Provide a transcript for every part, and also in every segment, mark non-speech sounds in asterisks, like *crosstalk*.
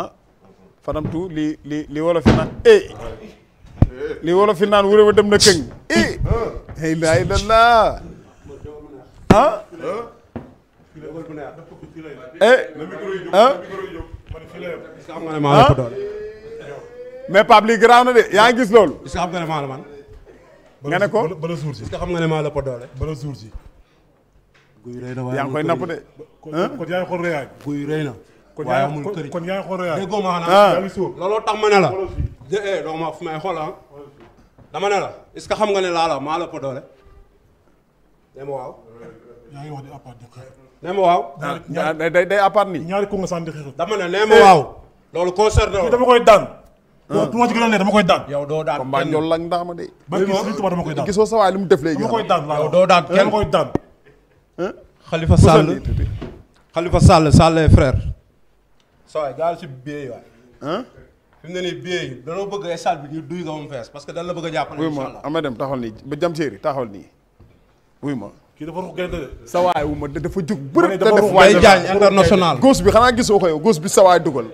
ah fadamtu li li li wolof yi naan eh wolof yi naan wuré wa dem na këŋ eh hey laa illallah ah eh ah? ah mais Pape lii garaaw de yaa ngi gis loolu est-ce que xam nga ne ko bala suur si est xam nga ne maa la ko doole bala de kon yaa ngi xool Royal. la. jë eh, ah. dama ne la est-ce que xam nga ne laa la maa la ko doole. ne ma waaw. yaa ngi wax di ah, day appart nii. ñaari ko nga sànni di xeex. dama ne ne waaw. loolu concerne ah. a ne dama doo daan kenn ñoom lañ daama de. gisoo sa waay mu def léegi. doo daan kenn dama koy daan. Khalifa saa waay gaal si billet yi waay. ah. fi ne nii billet yi danoo bëgg ay salle bi ñu duy ko moom fees parce que dañ la bëgg a jàppale. incha allah ma dem taxawal nii ba jam séeri taxawal nii wuy ma. kii dafa rux gaynde wu ma dafa jug bëri te def Mbaye Diagne international. bi xanaa gisoo ko yow gos bi sa waay dugal.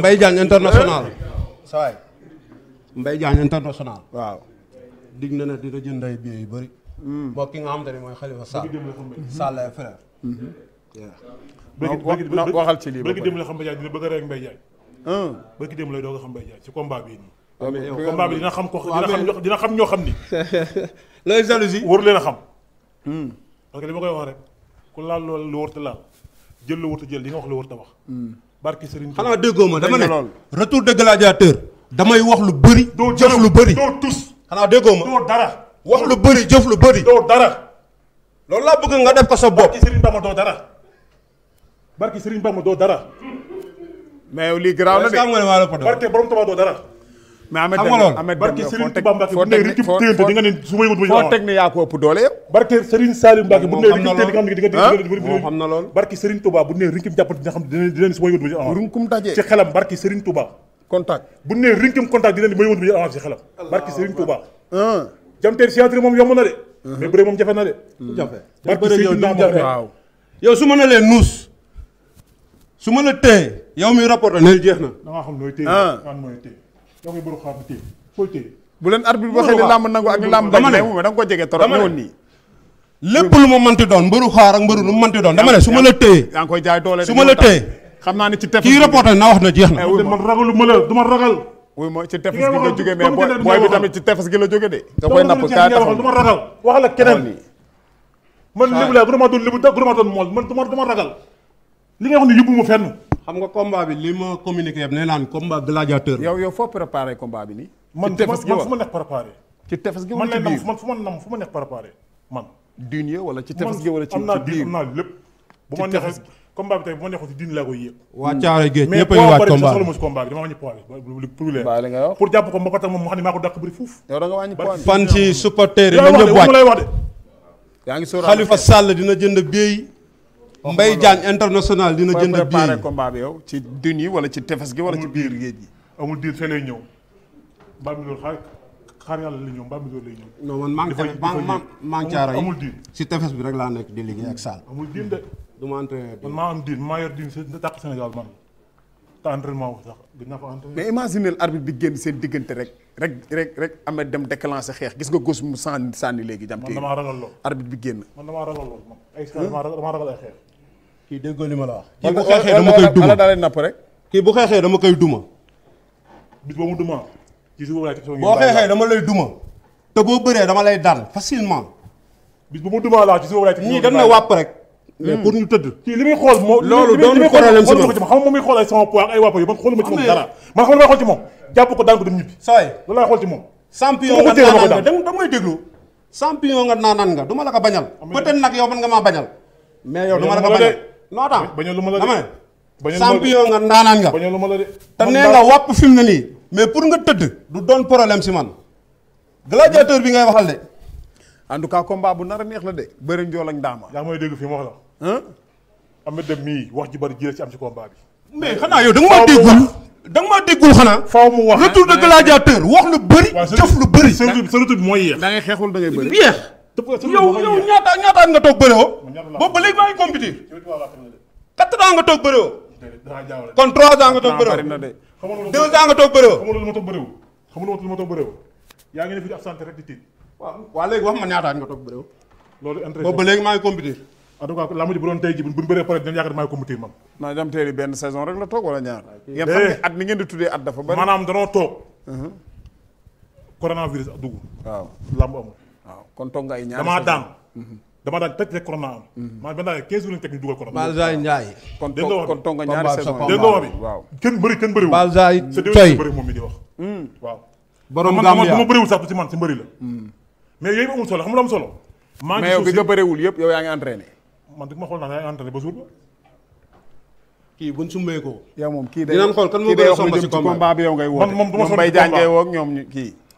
Mbaye Diagne international. sa waay Mbaye Diagne international. waaw. dig na ne dina jënd ay billet yu bëri. Hmm. mbokk ki nga xam te ne mooy Khalifa waxal ci lii ba dem la xam Mbaye dina bëgg a rek Mbaye Ndiaye. dem la doog a xam Mbaye Ndiaye ci combat bi nii. Ah, combat bi dina xam ko dina xam dina xam ñoo xam ni. *laughs* looy jalousie waru a xam. parce que koy wax rek ku laal loolu lu warut jël lu warut jël li nga wax lu warut a wax. barki sëriñ xanaa déggoo ma dama ne retour de gladiateur damay wax lu bëri. doo jëf lu bëri doo tus. xanaa déggoo ma doo dara. wax lu bëri jëf lu bëri. doo dara. loolu laa bëgg nga def ko sa bopp. barki Serigne Bamba doo dara. barki Serigne Bamba doo dara. mais yow lii garaaw na de barke borom Tuubaa doo dara. mais bu ne rëcc jàppante dina ne su ma yëngu du ma runkum daje xelam barke Serigne Touba contact bu ne moom yomb na de mais bëre moom jafe na de mm. jafe yow su ma ne nuus su ma la téye yow mi rapporté ne jeex na. da ngaa xam looy téye man ah. mooy téye yow mi bëru bu leen arbitre bi waxee ni làmb nangu ak ni làmb bañ mais moom da nga nii. lépp lu ma mënti doon mbëru xaar ak mbëru lu mu mënti doon dama ne su ma la téye. yaa ngi koy jaay doole su ma la téye. xam naa ne na wax na jeex na. Eh, man ragalu ma la du ma ragal. wuy mooy ci tefes gi tefes gi la jóge de. da koy napp kaa taxaw du ma ragal wax la keneen man lébu laa bu dama doon lébu da bu dama ma ragal li nga wax ni yóbbu ma fenn. xam nga combat bi li ma communiqué yëpp nee naan combat gladiateur. yow yow foo préparé combat bi nii. man fu ma nekk préparé. gi wala ci biir man fu ma nam fu ma nekk préparé man. dunia wala ci tefes gi wala naa lépp. bu ma neexee ci diin laa koy yéeg. waa Thiaare a ñëwaat combat bi dama wàññi bi pour pour jàpp ko mbokk ak moom mu xam ne maa ko dàq bëri fuuf. fan ci supporter yi. yaa ngi wax Xalifa Sall dina jënd béy Mbaye Diagne international dina jënd billet préparé combat bi yi wala ci tefes gi wala ci biir géej gi amul diir feneen ñëw mbaam mi loolu xaar yàlla la ñëw mbaam mi loolu lay ñëw man maa ngi maa bi rek laa nekk di liggéey ak Sall amul diir de ma entraîné man maa am diir maa yor diir da tàq Sénégal man te entraînement wu bi génn seen diggante rek rek rek rek amee dem déclenché xeex gis nga gos mu sànni sànni léegi jam man damaa ragal lool bi génn kii déggoo li ma la wax. kii bu xeexee dama koy duma ala daal napp rek. kii bu xeexee dama koy duma. bis boobu duma. ci suba laaj boo xeexee dama lay duma. te boo bëree dama lay daan facilement. bis bu mu duma laa ci suba laaj. ñii dañ na wàpp rek. mais hmm. pour ñu tëdd. kii li muy xool moom. loolu doon problème si moom xam nga moom muy xool ay sama poids ay wàpp yi man xooluma ci moom dara. man xam nga xool ci moom jàpp ko daan ko dem ñibbi. saa yi loolu laay xool ci moom. champion nga naanaan nga da may déglu. champion nga naanaan nga du ma la ko bañal. peut-être nag yow man nga maa bañal. mais yow du ma la ko bañal non temps bañ lu ma la de champion nga ndaanaan nga. ma la de te nee nga wàpp fi mu ne nii. mais pour nga tëdd. du doon problème si man. gladiateur bi ngay waxal de. en tout cas combat bu nar a neex la de. bëri njool ak ndaama. yaa may dégg fi mu wax la. am na dem mii wax ji bari ji la ci am si combat bi. mais xanaa yow da nga maa déggul. da nga maa déggul xanaa. faaw mu wax retour de gladiateur wax lu bëri. jëf lu bëri. sa retour bi mooy yéex. da ngay xeexul da ngay bëri. yéex. yow nga toog bëri boobu ba léegi maa ngi compétir. quatre ans nga toog bëriwoo. kon trois ans nga toog bëriwoo. deux ans nga toog bëriwoo. xamaloo lu ma toog bëriwoo xamaloo lu ma toog bëriwoo. yaa ngi ne fi ma ñaata at nga toog bëriwoo. loolu intérêt boobu ba léegi maa ngi compétir. en tout cas laa mujj bu doon tey jii bu ñu bëree pare dinañ maa ngi compétir man. non jam teel benn saison rek la toog wala ñaar. ngeen xam eh. ne at ni ngeen di tuddee at dafa bari. maanaam danoo toog. Uh-huh. coronavirus dugg. waaw waaw kon toog nga ay ñaar damaa daan teg teg corona am. maa ngi daan 15 jours lañu teg ñu dugal corona. Balzaay bi waaw kenn bëri moom mi di wax. Hmm. waaw. borom Gambia man ma bëriwul la. Hmm. mais yooyu amul solo xam nga lu am solo. maa ngi mais yow bi nga bëriwul yëpp yow yaa ngi entraîné. man dëgg ma xool naa yaa ngi entraîné ba jour ba. kii buñ sumbee ko. yow moom kii day dinañ xool kan moo man ma sonn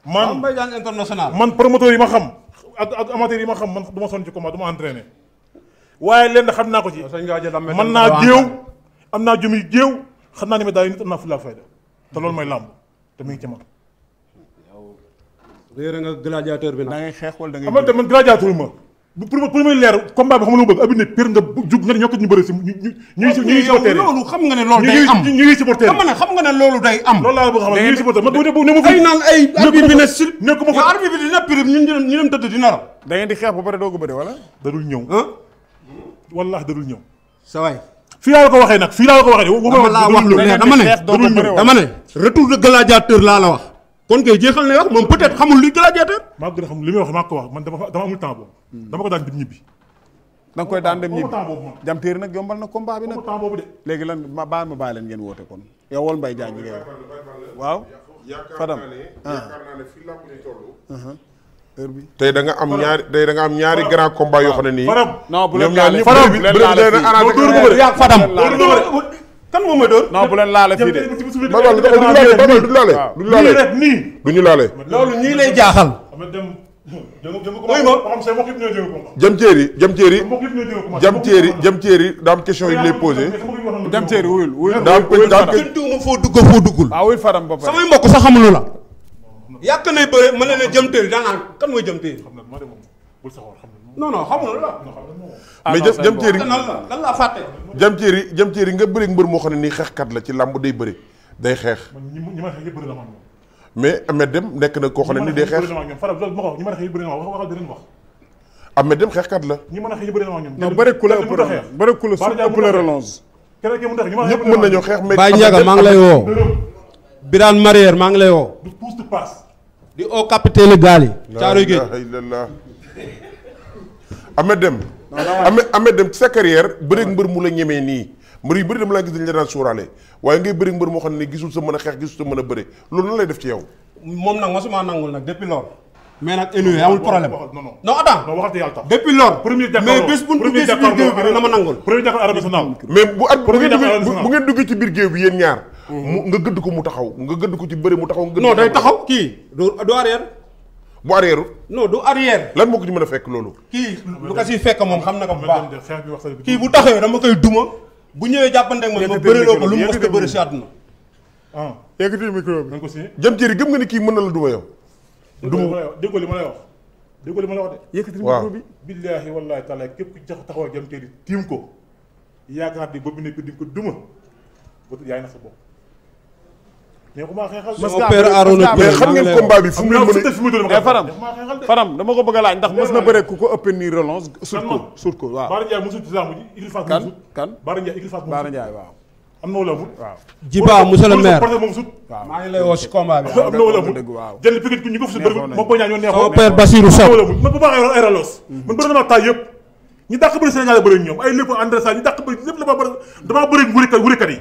man Mbaye yi ma xam ak ak amateur yi ma xam man du ma sonn ci combat du ma waaye lenn xam naa ko ci. man naa jéew am naa jumi jéew xam naa ne daal nit am naa fulla fayda te loolu mooy làmb te mi ngi ci man. nga gladiateur bi nag. da ngay xeex wala da ngay. amal ma. pour ma pour ma leer combat bi xam nga lu ma bëgg abi ne pire nga jug nga ne ñoo ko ñu bëri si ñu ñu ñu ñuy supporter loolu xam nga ne loolu day am ñu ñuy supporter xam nga xam nga ne loolu day am loolu laa bëgg xam ñuy supporter man ne ma ay naan ay arbitre bi ne si nekkuma fa arbitre bi dina pire ñun ñu dem tëdd di nara da ngeen di xeex ba pare doo ko bëri wala dadul ñëw wallahi dadul ñëw sa waay fii laa la ko waxee nag fii laa la ko waxee dama ne retour de gladiateur laa la wax kon kay jeexal na wax moom peut-être xamul luy gladiateur. maa gën a xam li may wax maa ko wax man dama dama amul temps boobu. dama ko daan dem ñibbi. da nga koy daan dem ñibbi jam téeri nag yombal na combat bi nag léegi lan ma baal ma bàyyi leen ngeen woote kon yow wol mbay jaañ ngay waaw. Fadam yaakaar ah. naa ne fii làmb ñu toll. heure bi tey danga am ñaari tey da nga am ñaari grand combat yoo xam ne nii. Fadam non bu leen laale Fadam bu leen laale fii kan moom mooy dóor. non bu leen laale fii de. babal du ñu laale duñu laale duñu laale. loolu ñii lay jaaxal. jëm Thierry jëm Thierry jëm Thierry jëm Thierry daam question yi lay posé. jëm Thierry wuyul wuyul daam daam kenn tuuma foo dugg foo duggul. ah wuyul faram ba pare samay mbokk sax xamulu la. yàq nay bëre ma ne ne jëm Thierry daan naan kan mooy jëm Thierry. non non xamul la. Ah, mais jë jëm ceeri lan la fàtte. jëm ceeri jëm ceeri nga bëri mbër moo xam ne nii xeexkat la ci làmb day bëri day xeex. ñi ma xeex yëpp bëri na ma mais Ahmed Deme nekk na koo xam ne nii day xeex. ñi ma xeex yëpp bëri na ma wax waxal dinañ wax. Ahmed Deme xeexkat la. ñi ma xeex yëpp bëri na ma ñoom. non bëri ku la ëpp relance bëri ku la ëpp relance. keneen kii mu tax ñi ma xeex ñëpp mën nañoo xeex mais. Baye Ndiaga maa ngi lay woo. Birane Marière maa ngi lay woo. di au capitaine gaal yi. caaroy géej Ahmed Deme. Ahmed Deme ci sa carrière bëreeg mbër mu la ñemee nii mbër yu bëri dama laa gis dañ la daan suuraale waaye ngay bëri mbër moo xam ne gisul sa mën a xeex gisul sa mën a bëre loolu lan lay def ci yow. moom nag mosuma nangul nag depuis lool. mais nag énu amul problème non non non attends waxati duggee ci biir géew bi na ma nangul premier jàkkaarloo arène nationale mais bu at bu ngeen duggee ci biir géew bi yéen ñaar mm-hmm. mu nga gëdd ko mu taxaw nga gëdd ko ci bëri mu taxaw non day taxaw kii du arrière bu arrière non du arrière. lan moo ko ci mën a fekk loolu. kii lu ko siy fekk moom xam na ko bu baax kii bu taxawee dama koy duma bu ñëwee jàppante ak man ma ko lu mu mës a bëri si àdduna. ah yëkkati micro bi. jëm jëri gëm nga ni kii mën na la duma yow. duma déggoo li ma lay wax déggoo li ma lay wax de. yëkkati micro bi billaahi wallaahi taala képp ku jax taxaw jëm jëri tiim ko yaakaar di boobu nekk di ko duma yaa ngi na sa bopp mës nga père Arona mais xam ngeen combat bi fu mu leen mën a faram faram dama ko bëgg a laaj ndax mës na bëre ku ko ëpp nii relance sut ko sut ko waaw Bara Ndiaye mosul ci lamb ji igil kan kan Bara Ndiaye igil Bara Ndiaye waaw am na wala amul waaw Jiba monsieur le maire moom sut waaw maa ngi lay woo ci combat bi *laughs* am na wala amul jënd piquet ku ñu ko fi sut bëri moom boo ñaa ñoo neexoo sama père Basirou Sow man bu baax ay relance mm-hmm. man bëri dama taay yëpp ñi dàq bëri Sénégal bëri ñoom ay lépp André Sall ñi dàq bëri lépp la ma bëri dama bëri wurikat wurikat yi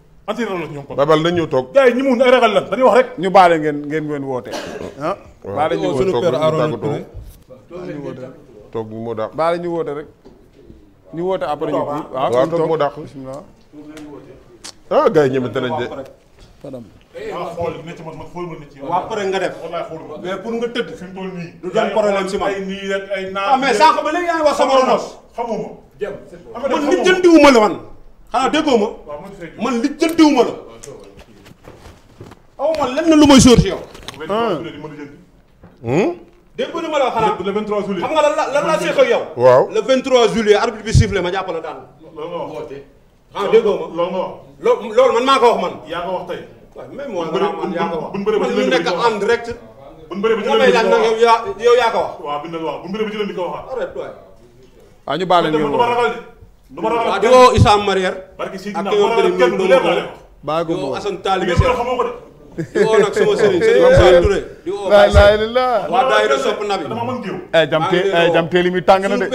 antiré la ñoom kon. babal nañ ñëw toog. gars yi mun ay ragal lan dañuy wax rek. ñu baale ngeen ngeen ngeen woote. ah baale ñu woote toog ñu woote toog ñu moo dàq. ñu woote rek. ñu woote après ñu. Ah, waaw waaw toog moo dàq. bismillah. ah nañ de. Fadam. Eh, waaw pare nga def. mais pour nga tëdd. fi mu toll nii. du ah, sama ronos. xamuma. jëm man nit jëndiwuma la man. xanaa déggoo ma man li jëntiwuma la aw ma lenn lu may sóor si yow. déggoo ni ma la xanaa le 23 juillet xam nga lan la lan laa seq ak yow. waaw le 23 juillet arbitre bi sifflé ma jàppale daan. loolu nga wax ah ma loolu man maa ko wax man. yaa ko wax tey. waaw même man man yaa ko wax man ñu nekk en direct. bu ñu bëree ba ci bi nga wax yow yaa ko wax. waaw bi ñu la wax bu du ma waaw di woo Issa Marière. parce que si dina ma ko Assane Talibe di woo nag sama sëriñ *laughs* di woo Baye Sèye waa daayira sopp nabi. Eh, jam te eh, jam te li muy tàng na de. suñu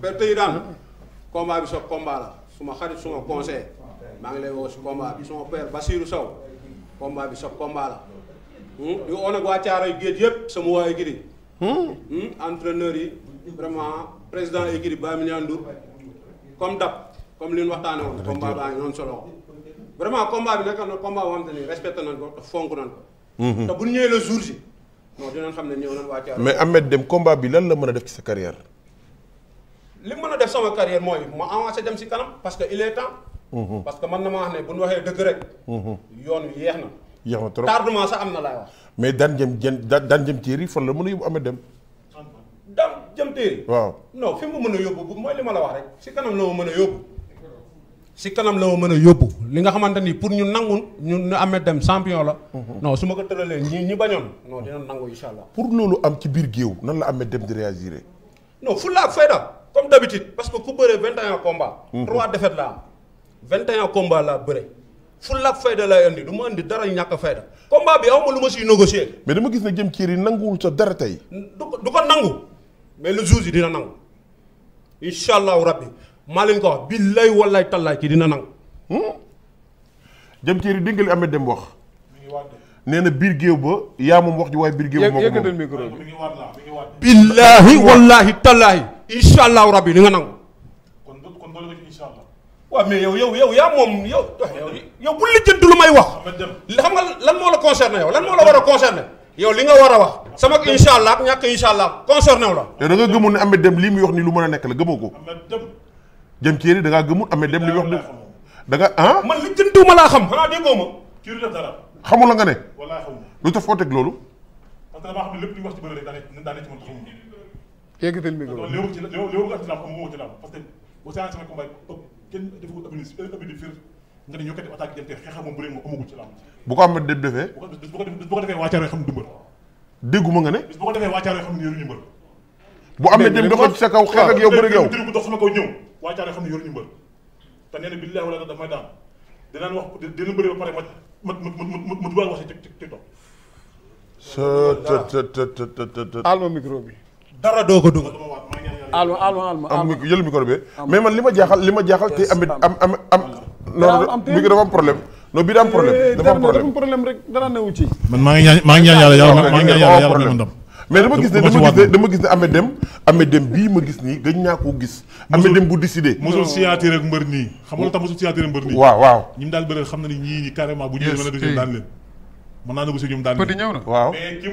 perte bi sa combat la suma xarit suma conseil maa ngi lay woo bi suma père sa combat la. Hmm? di woo nag waa Caaroy Géej yëpp sama waa écurie. Hmm? Hmm? entraîneur yi vraiment président écurie Bamina Ndour. comme dab comme li ñu waxtaanee woon. combat baa ngi noonu solo vraiment combat bi nekk na combat boo xamante ni respecté nañ ko te fonk nañ ko. Mhm. te bu ñu ñëwee le jour ji non dinañ xam ne ñëw nañ waa mais Ahmed Deme combat bi lan la mën a def ci sa li mën a def sama carrière mooy ma avancé dem ci kanam parce que il est temps. Mhm. parce que man na ma wax ne bu waxee dëgg rek. Mhm. yoon wi na. yeex na trop tardement am na laay wax. mais daan jëm jën daan jëm tiir yi fan la mën a yóbbu Ahmed Deme. dam jëm téeri waaw no fi mu mën a yóbbu mooy li ma la wax rek si kanam la ma mën a yóbbu si kanam la ma mën a yóbbu li nga xamante ni pour ñu nangu ñu amee dem champion la mhm. non su ma ko tëralee ñi ñu bañoon non dina nangu incha allah pour loolu am ci biir géew nan la amee dem di réagir non fulla ak fayda comme d'habitude parce que ku bëree vingt et un combat mhm. trois défaites la am vingt et un combat laa bëre fulla ak fayda lay andi du ma andi dara ñàkk fayda combat bi awma lu ma siy négocier mais dama gis ne jëm ciir yi nanguwul sa dara tey du ko nangu mais le jour yi dina nangu incha allahu rabbi maa leen ko wax billaay wallaay tallaay ci dina nangu. Hmm? jëm ci ri dinga li Ameth Deme wax. nee na biir géew ba yaa moom wax ji waaye biir géew moom yëkkatal micro bi billaahi wallaahi tallaahi incha allahu rabbi ni nga nangu. kon kon doole ko ci yow yow yow yaa moom yow. yow bu lijjanti lu may wax. xam nga lan moo la concerné yow lan moo la war a concerné yow li nga war a wax. sama incha allah ñàkk incha allah concerné wu la. te da nga gëmul ne Ahmed Deme lii muy wax nii lu mën a nekk la gëmoo ko. jëm ci yéen da ngaa gëmul Ahmed Deme ah? li muy nii laa xam. lu foo teg loolu. parce que damaa xam ne lépp lu wax ci bëri rek daa ne ci mën xamul. yëkkatil mi loolu xam nga ci laam parce que euh, ko def attaque bu leen mo amagul defee bu ko defee waa Thiaroye xam ne dumbal dégguma nga ne. bis bu ko defee waa Thiaroye xam ne yoruñu mbër. bu amee dem dafa sa kaw xeex ak yow bëri ak yow waaw dox sama kaw ñëw waa Thiaroye xam ne yoruñu mbër te nee na billahi wala daf may daan dinaan wax dina bëri ba pare ma ma ma ma dugal wax ci bi. dara doo ko dugal. alma alma alma am micro bi mais man li ma jaaxal li ma jaaxal te am am am. am micro dafa am problème. non bii daa eh, am problème dafa am problème problème maa ngi ñaan ma ndam. mais dama gis ne dama gis ne dama dem ne Ameth Dème Ameth Dème bii ma gis nii gëj naa koo gis. Ameth Dème bu décidé. mosul signature ak mbër nii xam nga lu tax waaw waaw ñi mu daal bëre xam na ni ñii nii carrément bu ñëwee mën a négocier daan leen. mën naa négocier ñoom daan leen. ñëw na waaw mais ki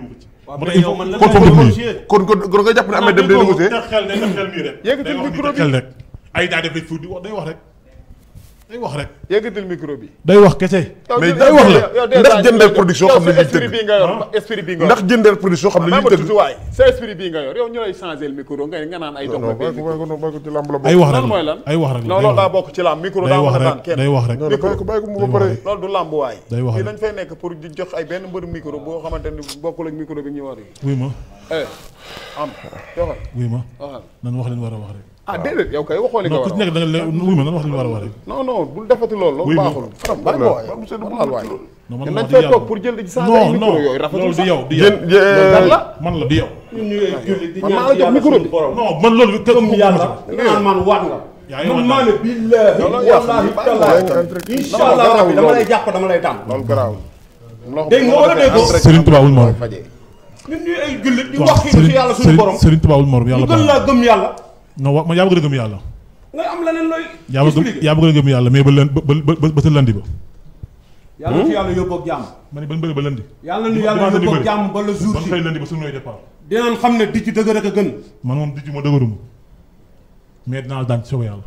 mu uh-huh. kon kon kon nga jàpp ne Ameth Dème day négocier. wax day wax day wax rek. yëkkatil micro bi. day wax kese. mais day wax la ndax jëndal production xam ne esprit bi nga yor ah. esprit bi nga yor ndax jëndal production xam ne liy tëdd waay sa esprit bi nga yor yow ñu lay changé micro nga nga naan ay dox la ay wax rek mooy loolu daa bokk ci lamb micro daa wax naan day wax rek loolu du lamb waay day wax dañ fay nekk pour di jox ay benn mbër micro boo xamante ni bokkul ak micro bi ñu war yi wuy ma eh am wuy ma nan wax leen war a wax rek ah déedéet yow kay waxoo li nga war a wax non ku ci nekk da nga wuy ma nan wax li war a wax rek. non non bul defati loolu. loolu baaxul faram bàyyi ko waay monsieur Doudou waay. non man ma wax dëgg yàlla toog pour jël di saa ay micro yooyu rafetul sax non non loolu du yow du yow man la man la du yow. ñun ñu ngi julli di ñaan yàlla suñu borom non man loolu. comme yàlla naan man waat nga. yaa ngi waat man maa ne billaahi wallaahi tallaahi incha allah rabbi dama lay jàpp dama lay tàmm. loolu garaaw dégg nga wala déggoo Serigne Touba wul morom ñun ñuy ay jullit di wax fi yàlla suñu borom Serigne Touba wul morom yàlla ñu gën laa gëm yàlla non wa man yaa bëgg a gëm yàlla. am leneen looy. a gëm yàlla mais ba len ba ba ba sa landi ba. ma ne ba bëri yàlla nu yàlla yóbbu ak jàmm ba la jour si nooy départ. dinañ xam ne dijj dëgër ak a gën. man moom dijj ma dëgëruma mais dinaa daan ci soobee yàlla.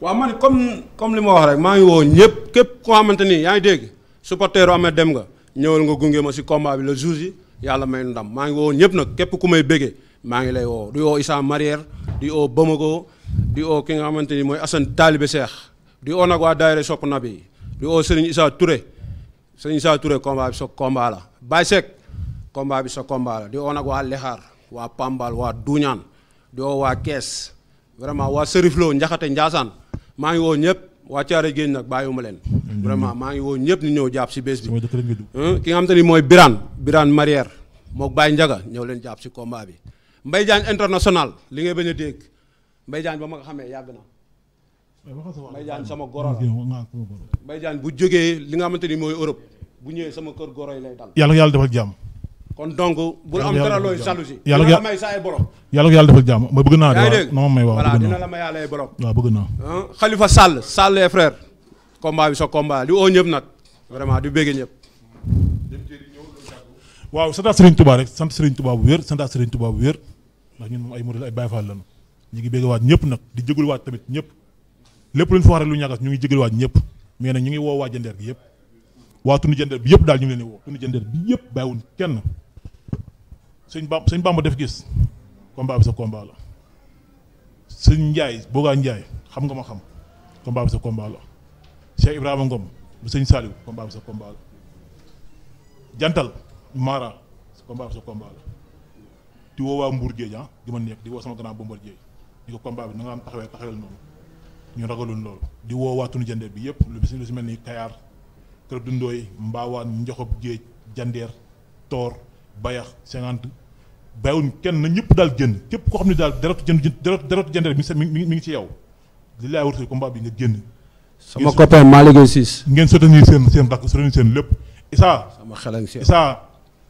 waaw. man comme comme li ma wax rek maa ngi woo ñëpp képp koo xamante ni yaa ngi dégg supporteru amee dem nga ñëwal nga gunge ma si combat bi le jour yi yàlla may ndam maa ngi woo ñëpp nag képp ku may béggee maa ngi lay woo di woo Issa Marière di woo Bamago di woo ki nga xamante ni mooy Assane Talibé Cheikh di woo nag waa daayira Sopp Nabi di woo Serigne Issa Touré Serigne Issa Touré combat bi sa combat la Baye Seck combat bi sa combat la di woo nag waa Lexaar waa Pambal waa Duñaan di woo waa Kees vraiment waa Serif Lo Njaxate Njaasaan maa ngi woo ñëpp waa Thiaré Géej nag bàyyiwuma leen. Mm-hmm. vraiment maa ngi woo ñëpp ñu ñëw jàpp si bés bi. ki nga xam te ni mooy Birane biraan Marière moo Baye Ndiaga ñëw leen jàpp si kombaa bi. Mbaye Diagne international li ngay bañ a dégg Mbaye Diagne ba ma nga xamee yàgg na. Mbaye Diagne sama goro la Mbaye bu jógee li nga xamante ni mooy Europe bu ñëwee sama kër goro yi lay dal. yàlla yàlla defal jàmm. kon donc bu am dara looy jalousie yàlla yàlla may sa ay borom yàlla yàlla defal jàmm ma bëgg naa dégg na ma may waaw voilà la may yàlla ay borom waaw bëgg naa Khalifa Sall Sall les frères combat bi sa combat li oo ñëpp nag vraiment di bégg ñëpp waaw sant Serigne rek sant Serigne Touba bu sant Serigne Touba bu wér ndax ñun moom ay modèle ñu ngi bégg waat ñëpp nag di jégalu waat tamit ñëpp lépp lu ñu fa lu ñàkkas ñu ngi jégalu waat ñëpp mais nag ñu ngi woo waa jandeer gi yëpp waa tund jandeer bi yëpp daal ñu ngi leen di woo tund kenn sëñ Bamba sëñ Bamba def gis combat bi sa combat la sëñ Ndiaye Boga Ndiaye xam nga ma xam combat bi sa combat la Cheikh Ibrahima Ngom bu sëñ Saliou combat bi sa combat la jantal Mara combat bi sa combat la di woo waa Mbour Géej ah di ma nekk di woo sama grand Bombardier ni ko combat bi na nga am taxawee taxawel noonu ñu ragalul loolu di woo tunu jandeer bi yëpp lu bis lu si mel ni Kayar Kër Dundooy Mbaawaan Njoxob Géej Jandeer Toor bàyyiwuñ kenn na ñëpp daal génn képp koo xam ne daal deretu jënd deretu jënd rek mi ngi mi ngi ci yow di laa wërte combat bi génn. sama copain Malick Ciss. ngeen soutenir seen seen rakk soutenir seen lépp. Issa sama xel ak Issa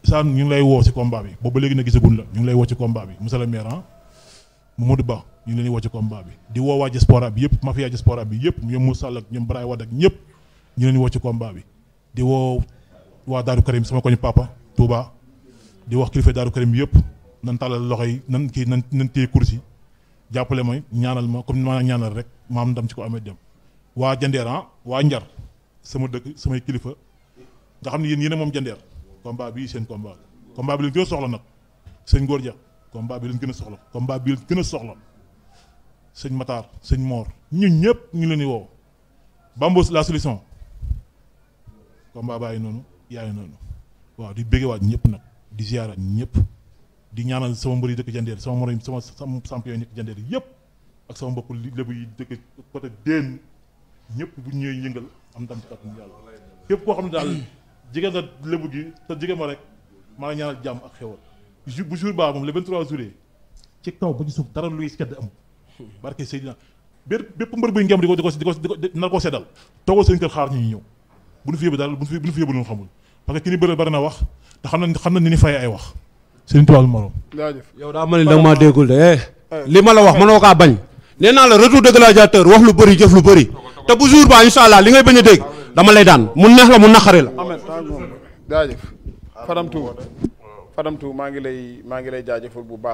Issa ñu ngi lay woo ci combat bi boobu ba léegi nag gisaguñ la ñu ngi lay woo ci combat bi monsieur le maire ah Mamadou Ba ñu ngi leen di ci combat bi. di woo waa diaspora bi yëpp mafia diaspora bi yëpp ñoom Moussa Sall ak ñoom Baraye ak ñëpp ñu leen di woo ci kombaa bi. di woo waa Daaru Karim sama koñ papa Touba di wax kilifa Daaru Karim yëpp nan tàllal loxo yi nan kii nan nan téye jàppale may ñaanal ma comme ni ma ñaanal rek ma am ndam ci ko amee dem waa jandeeran ah, waa njar sama dëkk samay kilifa nga xam ne yéen moom jandeer combat bii seen combat combat bi leen gën a soxla nag sëñ Góor Ja combat bi leen gën a soxla combat bi leen gën a soxla sëñ Matar sëñ Moor ñun ñëpp ñu leen di wow Bambos la solution combat bàyyi noonu yaay noonu waaw di bëggewaat ñëpp nag di ziaraat ñëpp di ñaanal sama mbër yi dëkk jandeer sama morom sama sama ak sama mbokk lébu yi dëkk côté déen ñëpp bu ñëwee yëngal am ndam ci kàttan yàlla képp koo xam ne daal jigéen nga lébu gi te jigéen ma rek maa ngi ñaanal jàmm ak xewal bu jour ba moom le 23 juillet ci kaw ba ci suuf dara luy sedd am barke Seydina bépp bépp mbër buy ngem di ko di ko di ko nar koo seddal toogal seen kër xaar ñu ñëw bu ñu fi yóbbu daal bu ñu fi yóbbu lu xamul parce que ki ni bëri bari na wax te xam na ni ni fay ay wax Sëriñ Tuubaa morom. jaajëf yow daa mel ni da nga maa déggul de eh? Eh. li ma la wax mënoo kaa bañ. nee naa la retour de gladiateur wax lu bari jëf lu bëri te bu jour ba incha allah li ngay bañ a dégg dama lay daan mu neex la mu naqari la. jaajëf Fadam Tou Fadam Tou maa ngi lay maa ngi lay jaajëfal bu baax.